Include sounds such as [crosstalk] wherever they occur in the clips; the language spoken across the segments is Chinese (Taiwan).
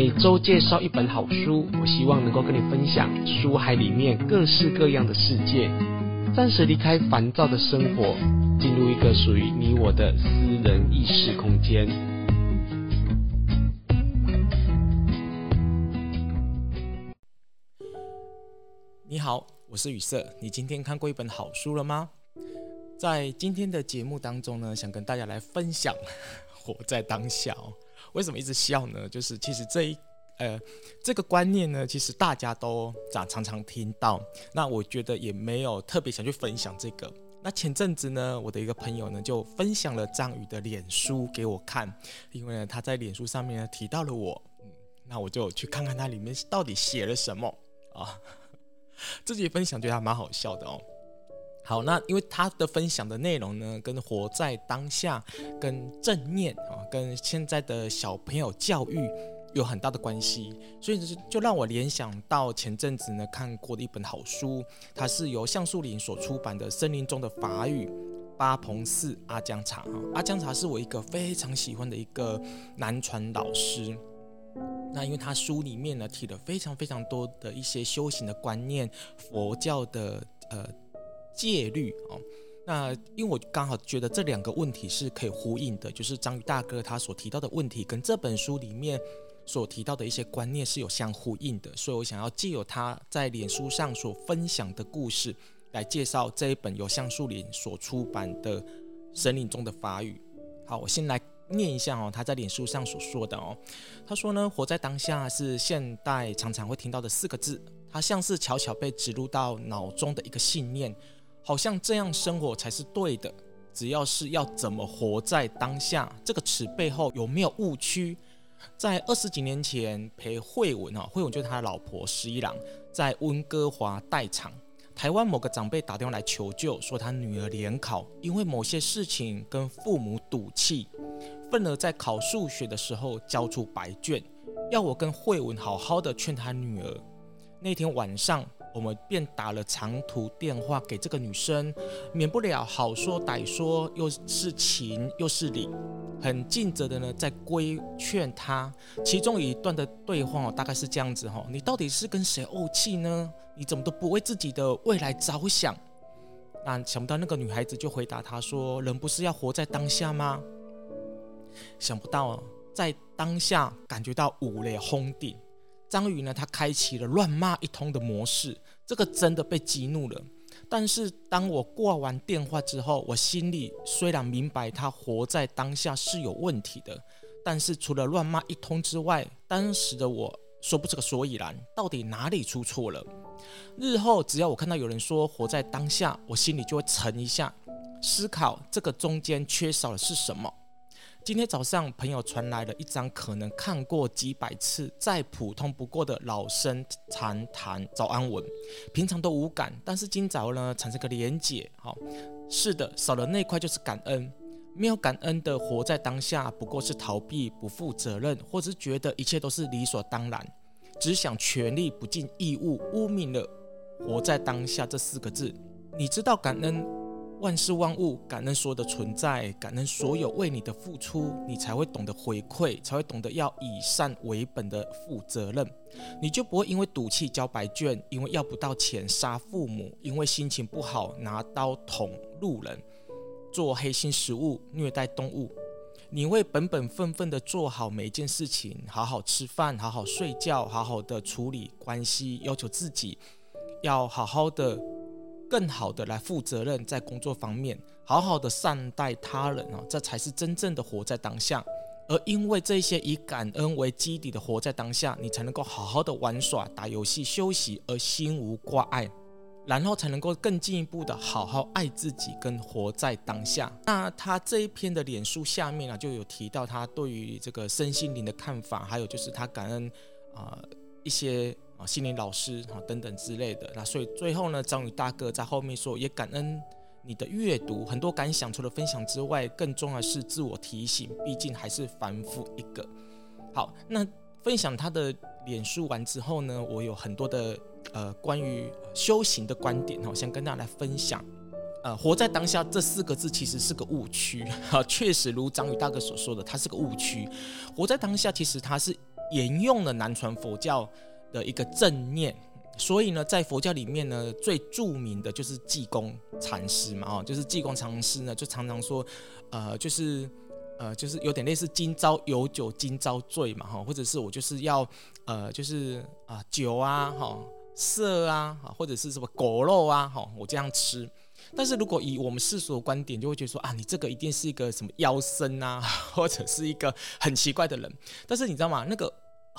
每週介紹一本好書，我希望能夠跟你分享書海裡面各式各樣的世界。暫時離開煩躁的生活，進入一個屬於你我的私人意識空間。你好，我是宇色。你今天看過一本好書了嗎？在今天的節目當中呢，想跟大家來分享呵呵，《活在當下》哦。為什麼一直笑呢？就是其實這一呃這個觀念呢，其實大家都常常常聽到。那我覺得也沒有特別想去分享這個。那前陣子呢，我的一個朋友呢就分享了張宇的臉書給我看，因為呢他在臉書上面呢提到了我，嗯，那我就去看看他裡面到底寫了什麼啊。自己分享覺得還蠻好笑的哦。好，那因為他的分享的內容呢，跟活在當下、跟正念啊、跟現在的小朋友教育有很大的關係，所以就就讓我聯想到前陣子呢看過的一本好書，它是由橡樹林所出版的《森林中的法語》巴蓬寺阿姜查、啊、阿姜查是我一個非常喜歡的一個南傳老師。那因為他書裡面呢提了非常非常多的一些修行的觀念，佛教的呃、戒律哦，那因為我剛好覺得這兩個問題是可以呼應的，就是張宇大哥他所提到的問題跟這本書裡面所提到的一些觀念是有相呼應的，所以我想要借由他在臉書上所分享的故事來介紹這一本由橡樹林所出版的《森林中的法語》。好，我先來念一下哦，他在臉書上所說的哦，他說呢，活在當下是現代常常會聽到的四個字，它像是悄悄被植入到腦中的一個信念。好像這樣生活才是對的。只要是要怎麼活在當下這個詞背後有沒有誤區？在二十幾年前，陪慧文啊，慧文就是他老婆十一郎，在溫哥華代場。台灣某個長輩打電話來求救，說他女兒聯考，因為某些事情跟父母賭氣，憤而在考數學的時候交出白卷，要我跟慧文好好的勸他女兒。那天晚上。我們便打了長途電話給這個女生，免不了好說歹說，又是情又是理，很盡責的呢，在規勸她。其中一段的對話哦，大概是這樣子哈、哦：你到底是跟誰慪氣呢？你怎麼都不為自己的未來着想？那想不到那個女孩子就回答他說：人不是要活在當下嗎？想不到、哦、在當下感覺到五雷轟頂。張宇呢，他開啟了亂罵一通的模式，這個真的被激怒了。但是當我掛完電話之後，我心裡雖然明白他活在當下是有問題的，但是除了亂罵一通之外，當時的我說不出個所以然，到底哪裡出錯了？日後只要我看到有人說活在當下，我心裡就會沉一下，思考這個中間缺少的是什麼。今天早上，朋友傳來了一張可能看過幾百次，再普通不過的老生常談早安文。平常都無感，但是今早呢，產生個連結。好、哦，是的，少了那塊就是感恩。沒有感恩的活在當下，不過是逃避，不負責任，或是覺得一切都是理所當然，只想權利，不盡義務，污名了活在當下這四個字。你知道感恩？萬事萬物，感恩所有的存在，感恩所有為你的付出，你才會懂得回饋，才會懂得要以善為本的負責任，你就不會因為賭氣交白卷，因為要不到錢殺父母，因為心情不好拿刀捅路人，做黑心食物虐待動物，你會本本分分的做好每一件事情，好好吃飯，好好睡覺，好好的處理關係，要求自己要好好的。更好的來負責任，在工作方面，好好的善待他人啊，這才是真正的活在當下。而因為這些以感恩為基底的活在當下，你才能夠好好的玩耍、打遊戲、休息，而心無掛礙，然後才能夠更進一步的好好愛自己跟活在當下。那他這一篇的臉書下面啊，就有提到他對於這個身心靈的看法，還有就是他感恩，啊、呃。一些啊，心靈老師哈等等之類的，那所以最後呢，張宇大哥在後面說，也感恩你的閱讀，很多感想除了分享之外，更重要的是自我提醒，畢竟還是凡夫一個。好，那分享他的臉書完之後呢，我有很多的呃關於修行的觀點哈，想跟大家來分享。呃，活在當下這四個字其實是個誤區哈，確實如張宇大哥所說的，它是個誤區。活在當下其實它是。沿用了南傳佛教的一個正念，所以呢，在佛教裡面呢，最著名的就是濟公禪師嘛，哦，就是濟公禪師呢，就常常說，呃，就是呃，就是有點類似“今朝有酒今朝醉”嘛，哈，或者是我就是要，呃，就是啊、呃，酒啊，哈，色啊，或者是什麼狗肉啊，哈，我這樣吃。但是如果以我們世俗的觀點，就會覺得說啊，你這個一定是一個什麼妖僧啊，或者是一個很奇怪的人。但是你知道嗎？那個。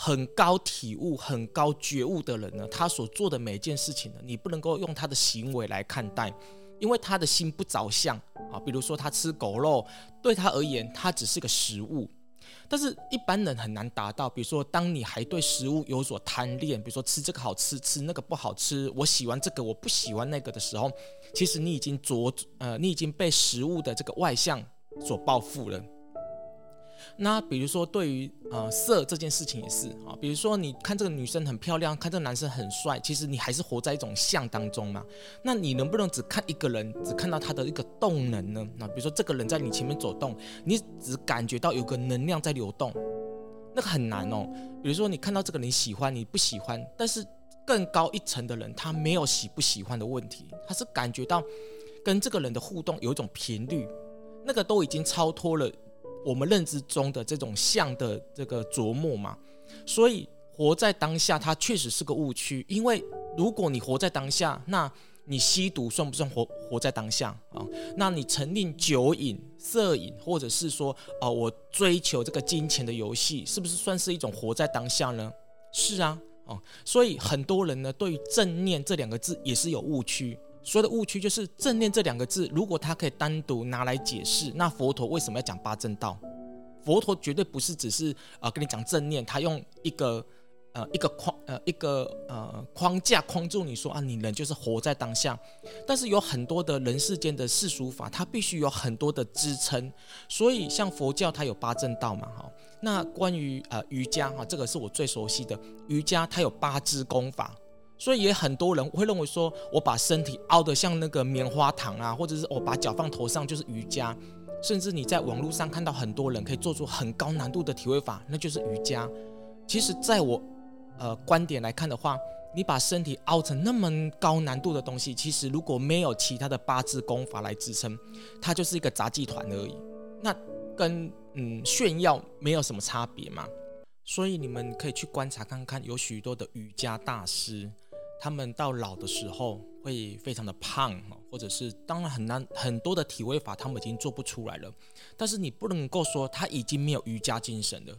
很高體悟、很高覺悟的人呢，他所做的每一件事情呢，你不能夠用他的行為來看待，因為他的心不着相啊。比如說他吃狗肉，對他而言，他只是個食物。但是一般人很難達到。比如說，當你還對食物有所貪戀，比如說吃這個好吃，吃那個不好吃，我喜歡這個，我不喜歡那個的時候，其實你已經着呃，你已經被食物的這個外相所報復了。那比如說，對於呃色這件事情也是啊，比如說你看這個女生很漂亮，看這個男生很帥，其實你還是活在一種相當中嘛。那你能不能只看一個人，只看到他的一個動能呢？那比如說這個人在你前面走動，你只感覺到有個能量在流動，那個很難哦。比如說你看到這個人喜歡，你不喜歡，但是更高一層的人，他沒有喜不喜歡的問題，他是感覺到跟這個人的互動有一種頻率，那個都已經超脫了。我們認知中的這種像的這個琢磨嘛，所以活在當下，它確實是個誤區。因為如果你活在當下，那你吸毒算不算活活在當下啊？那你成癮酒癮、色癮，或者是說啊，我追求這個金錢的遊戲，是不是算是一種活在當下呢？是啊，啊，所以很多人呢，對於正念這兩個字也是有誤區。所有的誤區就是正念這兩個字，如果他可以單獨拿來解釋，那佛陀為什麼要講八正道？佛陀絕對不是只是啊、呃、跟你講正念，他用一個呃一個框呃一個呃框架框住你說啊，你人就是活在當下。但是有很多的人世間的世俗法，它必須有很多的支撐。所以像佛教它有八正道嘛，哈。那關於呃瑜伽哈，這個是我最熟悉的瑜伽，它有八支功法。所以也很多人會認為說，我把身體凹得像那個棉花糖啊，或者是我把腳放頭上就是瑜伽，甚至你在網絡上看到很多人可以做出很高難度的體位法，那就是瑜伽。其實，在我呃觀點來看的話，你把身體凹成那麼高難度的東西，其實如果沒有其他的八支功法來支撐，它就是一個雜技團而已，那跟嗯炫耀沒有什麼差別嘛。所以你們可以去觀察看看，有許多的瑜伽大師。他們到老的時候會非常的胖，或者是當然很難很多的體位法他們已經做不出來了，但是你不能夠說他已經沒有瑜伽精神了。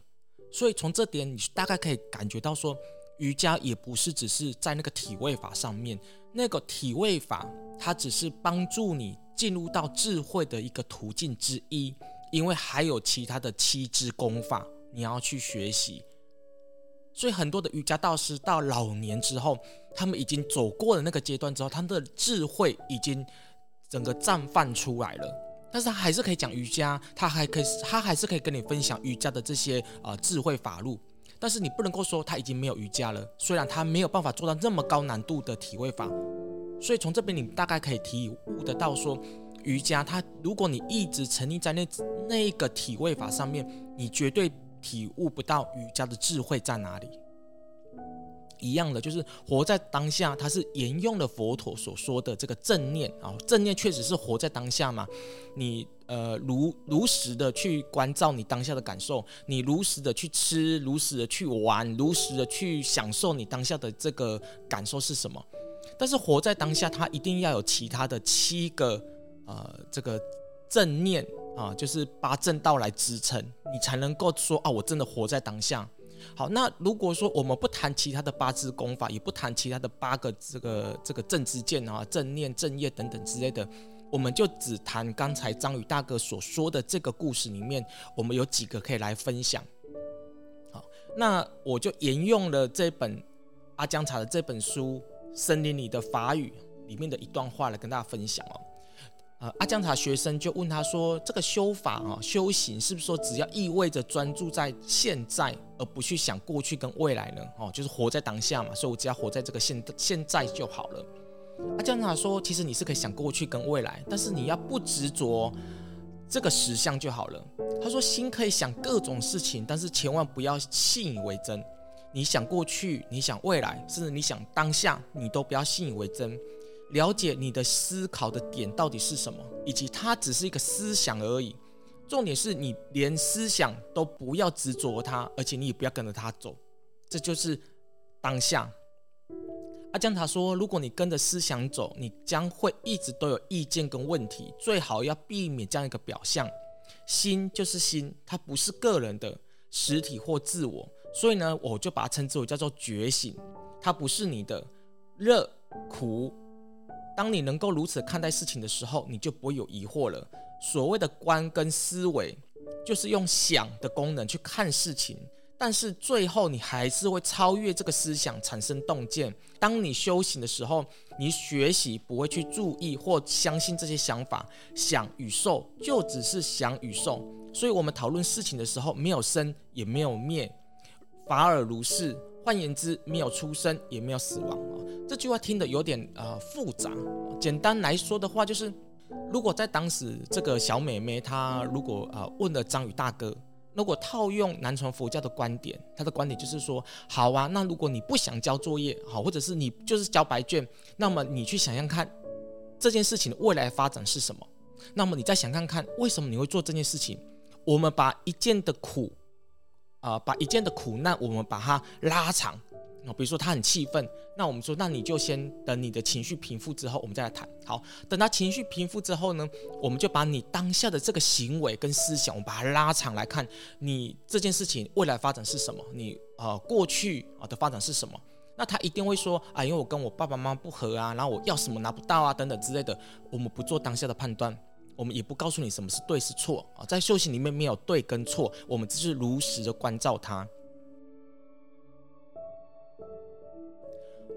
所以從這點你大概可以感覺到說，瑜伽也不是只是在那個體位法上面，那個體位法它只是幫助你進入到智慧的一個途徑之一，因為還有其他的七支功法你要去學習。所以很多的瑜伽導師到老年之後，他們已經走過了那個階段之後，他們的智慧已經整個綻放出來了。但是他還是可以講瑜伽，他還可以，他還是可以跟你分享瑜伽的這些呃智慧法路。但是你不能夠說他已經沒有瑜伽了，雖然他沒有辦法做到那麼高難度的體位法。所以從這邊你大概可以體悟得到說，說瑜伽它如果你一直沉溺在那那個體位法上面，你絕對。體悟不到瑜伽的智慧在哪裡，一樣的就是活在當下，它是沿用了佛陀所說的這個正念啊，正念確實是活在當下嘛，你呃如如實的去觀照你當下的感受，你如實的去吃，如實的去玩，如實的去享受你當下的這個感受是什麼？但是活在當下，它一定要有其他的七個呃這個正念。啊，就是八正道來支撐，你才能夠說啊，我真的活在當下。好，那如果說我們不談其他的八支功法，也不談其他的八個這個這個正知見啊、正念、正業等等之類的，我們就只談剛才張宇大哥所說的這個故事裡面，我們有幾個可以來分享。好，那我就沿用了這本阿姜查的這本書《森林裡的法語》裡面的一段話來跟大家分享哦。呃，阿姜查學生就問他說：“這個修法啊、哦，修行，是不是說只要意味着專注在現在，而不去想過去跟未來呢？哦，就是活在當下嘛。所以，我只要活在這個現現在就好了。”阿姜查說：“其實你是可以想過去跟未來，但是你要不執着這個實相就好了。”他說：“心可以想各種事情，但是千萬不要信以為真。你想過去，你想未來，甚至你想當下，你都不要信以為真。”了解你的思考的點到底是什麼，以及它只是一個思想而已。重點是你連思想都不要執着它，而且你也不要跟着它走。這就是當下。阿姜查說，如果你跟着思想走，你將會一直都有意見跟問題。最好要避免這樣一個表象。心就是心，它不是個人的實體或自我，所以呢，我就把它稱之為叫做覺醒。它不是你的熱苦。當你能夠如此看待事情的時候，你就不會有疑惑了。所謂的觀跟思維，就是用想的功能去看事情，但是最後你還是會超越這個思想，產生洞見。當你修行的時候，你學習不會去注意或相信這些想法，想與受就只是想與受。所以，我們討論事情的時候，沒有生也沒有滅，法爾如是。換言之，沒有出生也沒有死亡。這句話聽得有點呃複雜。簡單來說的話，就是如果在當時這個小妹妹她如果啊、呃、問了張宇大哥，如果套用南傳佛教的觀點，他的觀點就是說，好啊，那如果你不想交作業好，或者是你就是交白卷，那麼你去想想看這件事情的未來的發展是什麼。那麼你再想看看為什麼你會做這件事情。我們把一件的苦。啊、呃，把一件的苦難，我們把它拉長。那比如說他很氣憤，那我們說，那你就先等你的情緒平復之後，我們再來談。好，等他情緒平復之後呢，我們就把你當下的這個行為跟思想，我們把它拉長來看。你這件事情未來發展是什麼？你啊、呃、過去啊的發展是什麼？那他一定會說啊、哎，因為我跟我爸爸媽媽不合啊，然後我要什麼拿不到啊，等等之類的。我們不做當下的判斷。我們也不告訴你什麼是對是錯啊，在修行裡面沒有對跟錯，我們只是如實的關照他。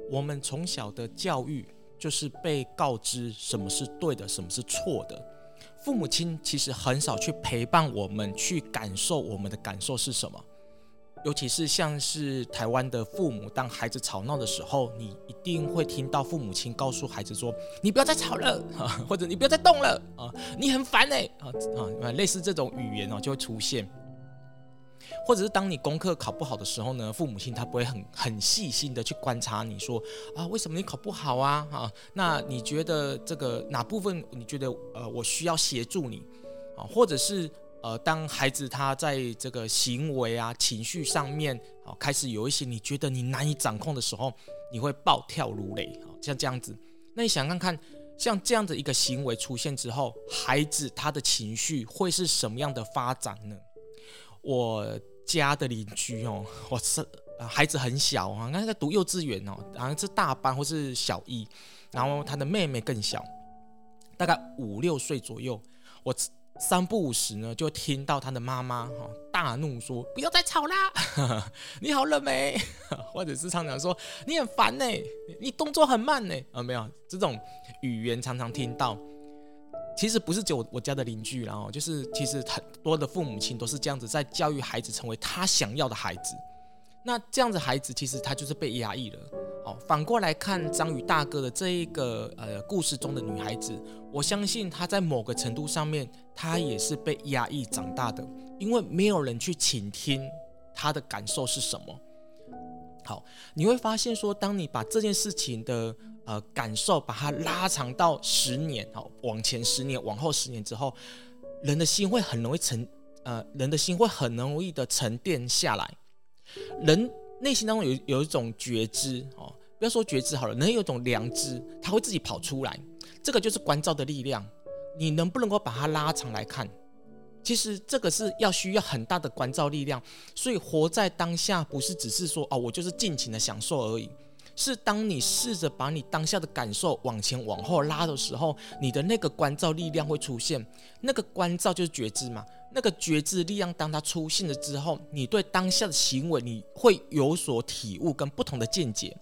我們從小的教育就是被告知什麼是對的，什麼是錯的，父母親其實很少去陪伴我們，去感受我們的感受是什麼。尤其是像是台灣的父母，當孩子吵鬧的時候，你一定會聽到父母親告訴孩子說：“你不要再吵了啊，或者你不要再動了啊，你很煩哎啊啊！”類似這種語言哦、啊、就會出現。或者是當你功課考不好的時候呢，父母親他不會很很細心的去觀察你說：“啊，為什麼你考不好啊？啊，那你覺得這個哪部分你覺得呃，我需要協助你啊？或者是？”呃，當孩子他在這個行為啊、情緒上面，好、哦、開始有一些你覺得你難以掌控的時候，你會暴跳如雷、哦、像這樣子。那你想看看，像這樣的一個行為出現之後，孩子他的情緒會是什麼樣的發展呢？我家的鄰居哦，我是、呃、孩子很小啊，那剛剛在讀幼稚園哦，好像是大班或是小一，然後他的妹妹更小，大概五六歲左右，我。三不五時呢，就聽到他的媽媽哈大怒說：“不要再吵啦！ [laughs] 你好了冷沒？” [laughs] 或者是常，常常說：“你很煩呢、欸，你動作很慢呢、欸。”啊，沒有這種語言，常常聽到。其實不是只有我家的鄰居啦，然後就是其實很多的父母親都是這樣子在教育孩子，成為他想要的孩子。那這樣子孩子，其實他就是被壓抑了。好，反過來看張宇大哥的這一個呃故事中的女孩子，我相信她在某個程度上面，她也是被壓抑長大的，因為沒有人去傾聽她的感受是什麼。好，你會發現說，當你把這件事情的呃感受，把它拉長到十年，好，往前十年，往後十年之後，人的心會很容易沉，呃，人的心會很容易的沉澱下來，人。內心當中有有一種覺知哦，不要說覺知好了，能有一種良知，它會自己跑出來。這個就是觀照的力量。你能不能夠把它拉長來看？其實這個是要需要很大的觀照力量。所以活在當下，不是只是說哦，我就是盡情的享受而已。是當你試着把你當下的感受往前往後拉的時候，你的那個觀照力量會出現。那個觀照就是覺知嘛。那個覺知力量，當它出現了之後，你對當下的行為，你會有所體悟跟不同的見解。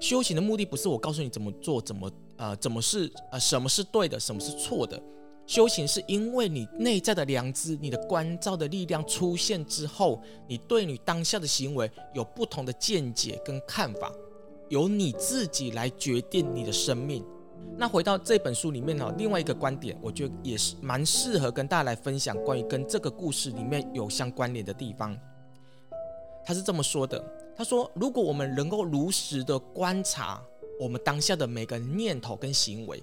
修行的目的不是我告訴你怎麼做，怎麼呃，怎麼是呃，什麼是對的，什麼是錯的。修行是因為你內在的良知，你的觀照的力量出現之後，你對你當下的行為有不同的見解跟看法，由你自己來決定你的生命。那回到這本書裡面呢，另外一個觀點，我覺得也是蠻適合跟大家來分享，關於跟這個故事裡面有相關聯的地方。他是這麼說的：他說，如果我們能夠如實的觀察我們當下的每個念頭跟行為，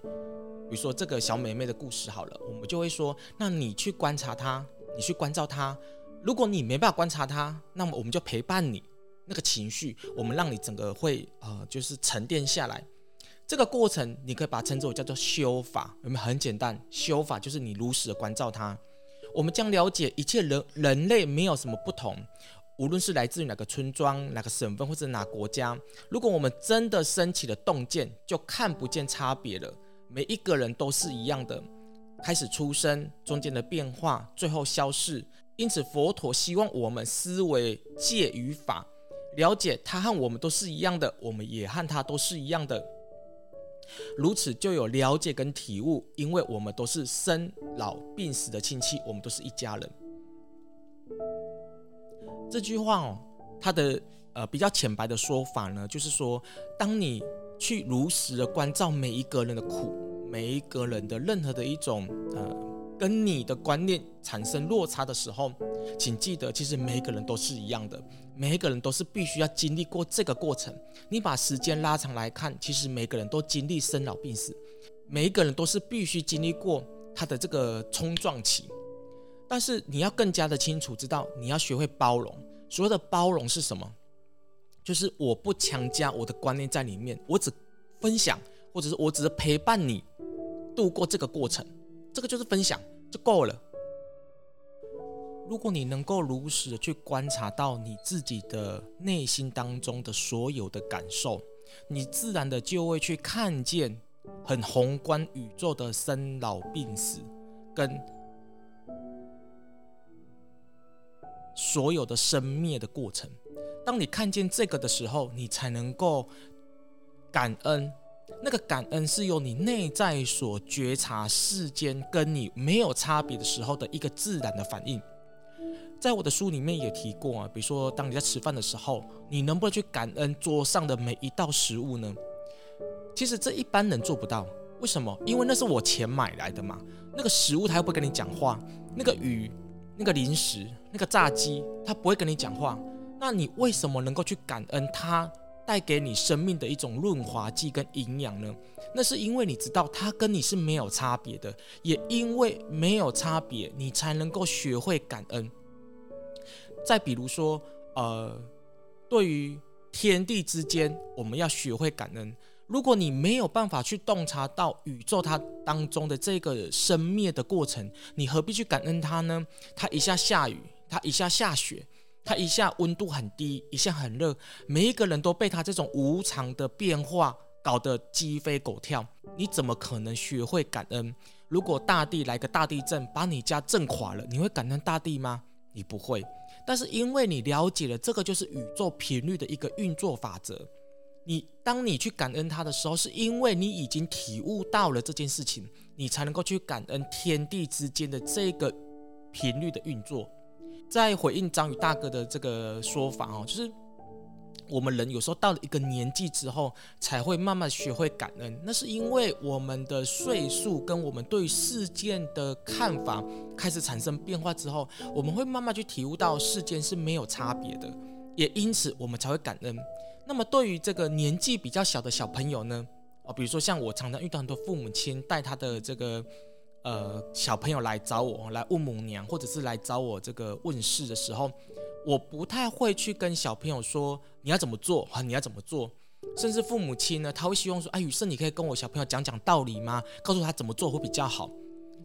比如說這個小美眉的故事好了，我們就會說，那你去觀察她，你去觀照她。如果你沒辦法觀察她，那麼我們就陪伴你那個情緒，我們讓你整個會呃，就是沉澱下來。這個過程，你可以把它稱之為叫做修法，有沒有？很簡單，修法就是你如實的關照它。我們將了解一切人人類沒有什麼不同，無論是來自於哪個村莊、哪個省份或者是哪個國家。如果我們真的升起了洞見，就看不見差別了。每一個人都是一樣的，開始出生，中間的變化，最後消逝。因此，佛陀希望我們思維戒與法，了解他和我們都是一樣的，我們也和他都是一樣的。如此就有了解跟體悟，因為我們都是生老病死的親戚，我們都是一家人。這句話哦，它的呃比較淺白的說法呢，就是說，當你去如實的觀照每一個人的苦，每一個人的任何的一種呃。跟你的觀念產生落差的時候，請記得，其實每一個人都是一樣的，每一個人都是必須要經歷過這個過程。你把時間拉長來看，其實每個人都經歷生老病死，每一個人都是必須經歷過他的這個衝撞期。但是你要更加的清楚知道，你要學會包容。所謂的包容是什麼？就是我不強加我的觀念在裡面，我只分享，或者是我只是陪伴你度過這個過程。這個就是分享就夠了。如果你能夠如實的去觀察到你自己的內心當中的所有的感受，你自然的就會去看見很宏觀宇宙的生老病死跟所有的生滅的過程。當你看見這個的時候，你才能夠感恩。那個感恩是由你內在所覺察世間跟你沒有差別的時候的一個自然的反應，在我的書裡面也提過啊，比如說當你在吃飯的時候，你能不能去感恩桌上的每一道食物呢？其實這一般人做不到，為什麼？因為那是我錢買來的嘛，那個食物它又不跟你講話，那個魚、那個零食、那個炸雞，它不會跟你講話，那你為什麼能夠去感恩它？帶給你生命的一種潤滑劑跟營養呢？那是因為你知道它跟你是沒有差別的，也因為沒有差別，你才能夠學會感恩。再比如說，呃，對於天地之間，我們要學會感恩。如果你沒有辦法去洞察到宇宙它當中的這個生滅的過程，你何必去感恩它呢？它一下下雨，它一下下雪。它一下溫度很低，一下很熱，每一個人都被它這種無常的變化搞得雞飛狗跳。你怎麼可能學會感恩？如果大地來個大地震，把你家震垮了，你會感恩大地嗎？你不會。但是因為你了解了這個就是宇宙頻率的一個運作法則，你當你去感恩它的時候，是因為你已經體悟到了這件事情，你才能夠去感恩天地之間的這個頻率的運作。在回應張宇大哥的這個說法哦，就是我們人有時候到了一個年紀之後，才會慢慢學會感恩。那是因為我們的歲數跟我們對於事件的看法開始產生變化之後，我們會慢慢去體悟到事件是沒有差別的，也因此我們才會感恩。那麼對於這個年紀比較小的小朋友呢，啊，比如說像我常常遇到很多父母親帶他的這個。呃，小朋友來找我來問母娘，或者是來找我這個問事的時候，我不太會去跟小朋友說你要怎麼做啊，你要怎麼做，甚至父母親呢，他會希望說，哎、啊，宇色你可以跟我小朋友講講道理嗎？告訴他怎麼做會比較好。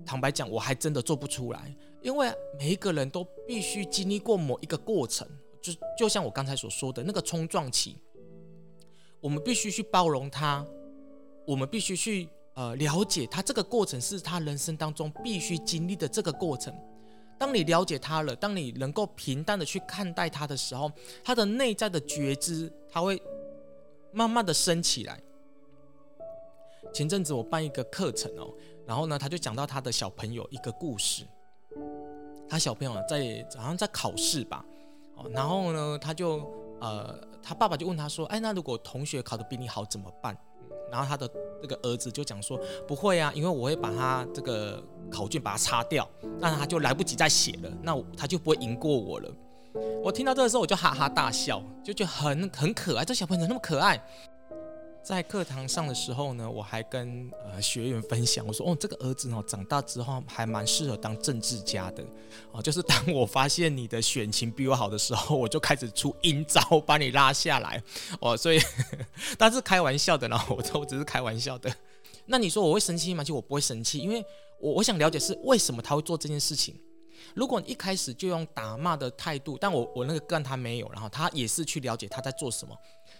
坦白講，我還真的做不出來，因為每一個人都必須經歷過某一個過程，就就像我剛才所說的那個衝撞期，我們必須去包容他，我們必須去。呃，了解他這個過程是他人生當中必須經歷的這個過程。當你了解他了，當你能夠平淡的去看待他的時候，他的內在的覺知他會慢慢的升起來。前陣子我辦一個課程哦，然後呢，他就講到他的小朋友一個故事。他小朋友在好像在考試吧，哦，然後呢，他就呃，他爸爸就問他說：“哎，那如果同學考得比你好怎麼辦？”然後他的這個兒子就講說，不會啊，因為我會把他這個考卷，把它擦掉，那他就來不及再寫了，那他就不會贏過我了。我聽到這個時候，我就哈哈大笑，就覺得很很可愛，這小朋友怎麼那麼可愛？在課堂上的時候呢，我還跟呃學員分享，我說哦，這個兒子哦，長大之後還蠻適合當政治家的哦，就是當我發現你的選情比我好的時候，我就開始出陰招把你拉下來哦，所以，他是開玩笑的呢，我說我只是開玩笑的。那你說我會生氣嗎？就我不會生氣，因為我我想了解是為什麼他會做這件事情。如果你一開始就用打罵的態度，但我我那個干他沒有，然後他也是去了解他在做什麼。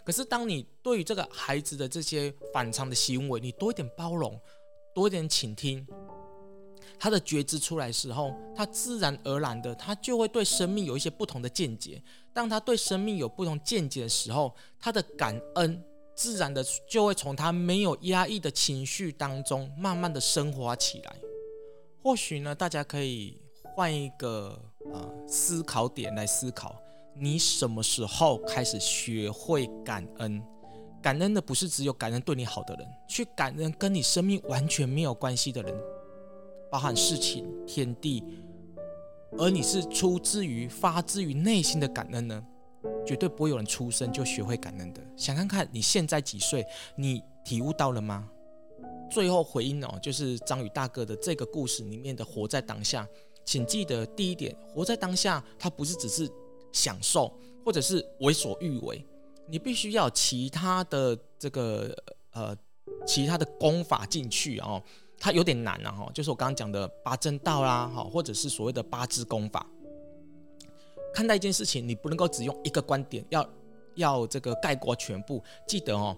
可是當你對於這個孩子的這些反常的行為，你多一點包容，多一點傾聽，他的覺知出來的時候，他自然而然的他就會對生命有一些不同的見解。當他對生命有不同見解的時候，他的感恩自然的就會從他沒有壓抑的情緒當中慢慢的升華起來。或許呢，大家可以。換一個啊、呃、思考點來思考，你什麼時候開始學會感恩？感恩的不是只有感恩對你好的人，去感恩跟你生命完全沒有關係的人，包含事情、天地，而你是出自於發自於內心的感恩呢？絕對不會有人出生就學會感恩的。想看看你現在幾歲，你體悟到了嗎？最後回應哦，就是張宇大哥的這個故事裡面的“活在當下”。請記得第一點，活在當下，它不是只是享受，或者是為所欲為。你必須要其他的這個呃，其他的功法進去哦，它有點難了、啊、哈、哦。就是我剛剛講的八正道啦，哈，或者是所謂的八支功法。看待一件事情，你不能夠只用一個觀點，要要這個概括全部。記得哦，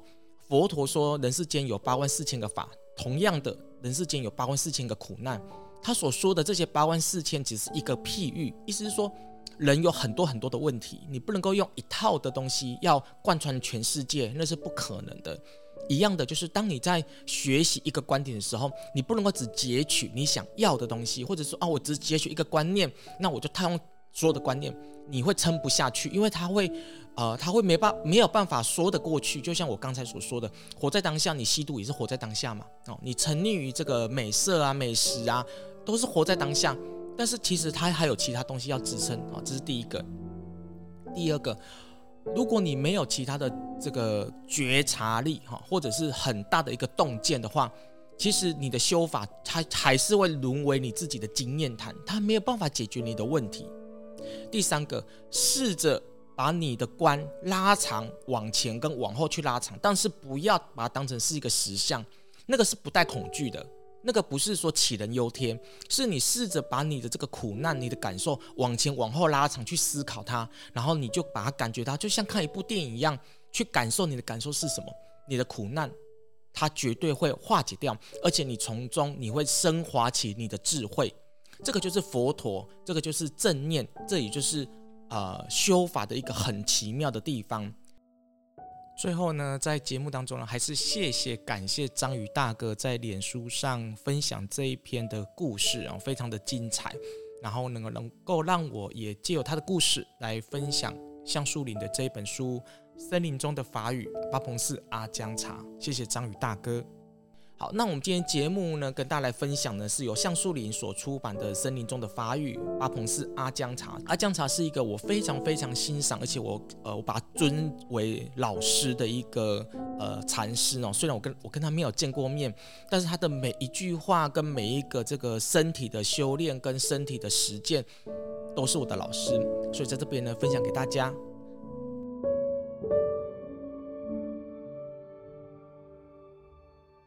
佛陀說人世間有八萬四千個法，同樣的，人世間有八萬四千個苦難。他所說的這些八萬四千只是一個譬喻，意思是說，人有很多很多的問題，你不能夠用一套的東西要貫穿全世界，那是不可能的。一樣的，就是當你在學習一個觀點的時候，你不能夠只截取你想要的東西，或者說啊，我只截取一個觀念，那我就套用所有的觀念，你會撐不下去，因為他會，呃，他會沒辦沒有辦法說得過去。就像我剛才所說的，活在當下，你吸毒也是活在當下嘛，哦，你沉溺於這個美色啊、美食啊。都是活在當下，但是其實它還有其他東西要支撐啊，這是第一個。第二個，如果你沒有其他的這個覺察力哈，或者是很大的一個洞見的話，其實你的修法它還是會淪為你自己的經驗談，它沒有辦法解決你的問題。第三個，試着把你的觀拉長，往前跟往後去拉長，但是不要把它當成是一個實相，那個是不帶恐懼的。那個不是說杞人憂天，是你試着把你的這個苦難、你的感受往前往後拉長去思考它，然後你就把它感覺到就像看一部電影一樣去感受你的感受是什麼，你的苦難它絕對會化解掉，而且你從中你會升華起你的智慧，這個就是佛陀，這個就是正念，這也就是呃修法的一個很奇妙的地方。最後呢，在節目當中呢，還是謝謝感謝張宇大哥在臉書上分享這一篇的故事哦，然後非常的精彩，然後能夠讓我也借由他的故事來分享《橡樹林》的這一本書，《森林中的法語》巴蓬寺阿姜查，謝謝張宇大哥。好，那我們今天節目呢，跟大家來分享的是由橡樹林所出版的《森林中的法語》，阿鵬是阿姜查，阿姜查是一個我非常非常欣賞，而且我呃，我把它尊為老師的一個呃禪師哦。雖然我跟我跟他沒有見過面，但是他的每一句話跟每一個這個身體的修煉跟身體的實踐，都是我的老師，所以在這邊呢，分享給大家。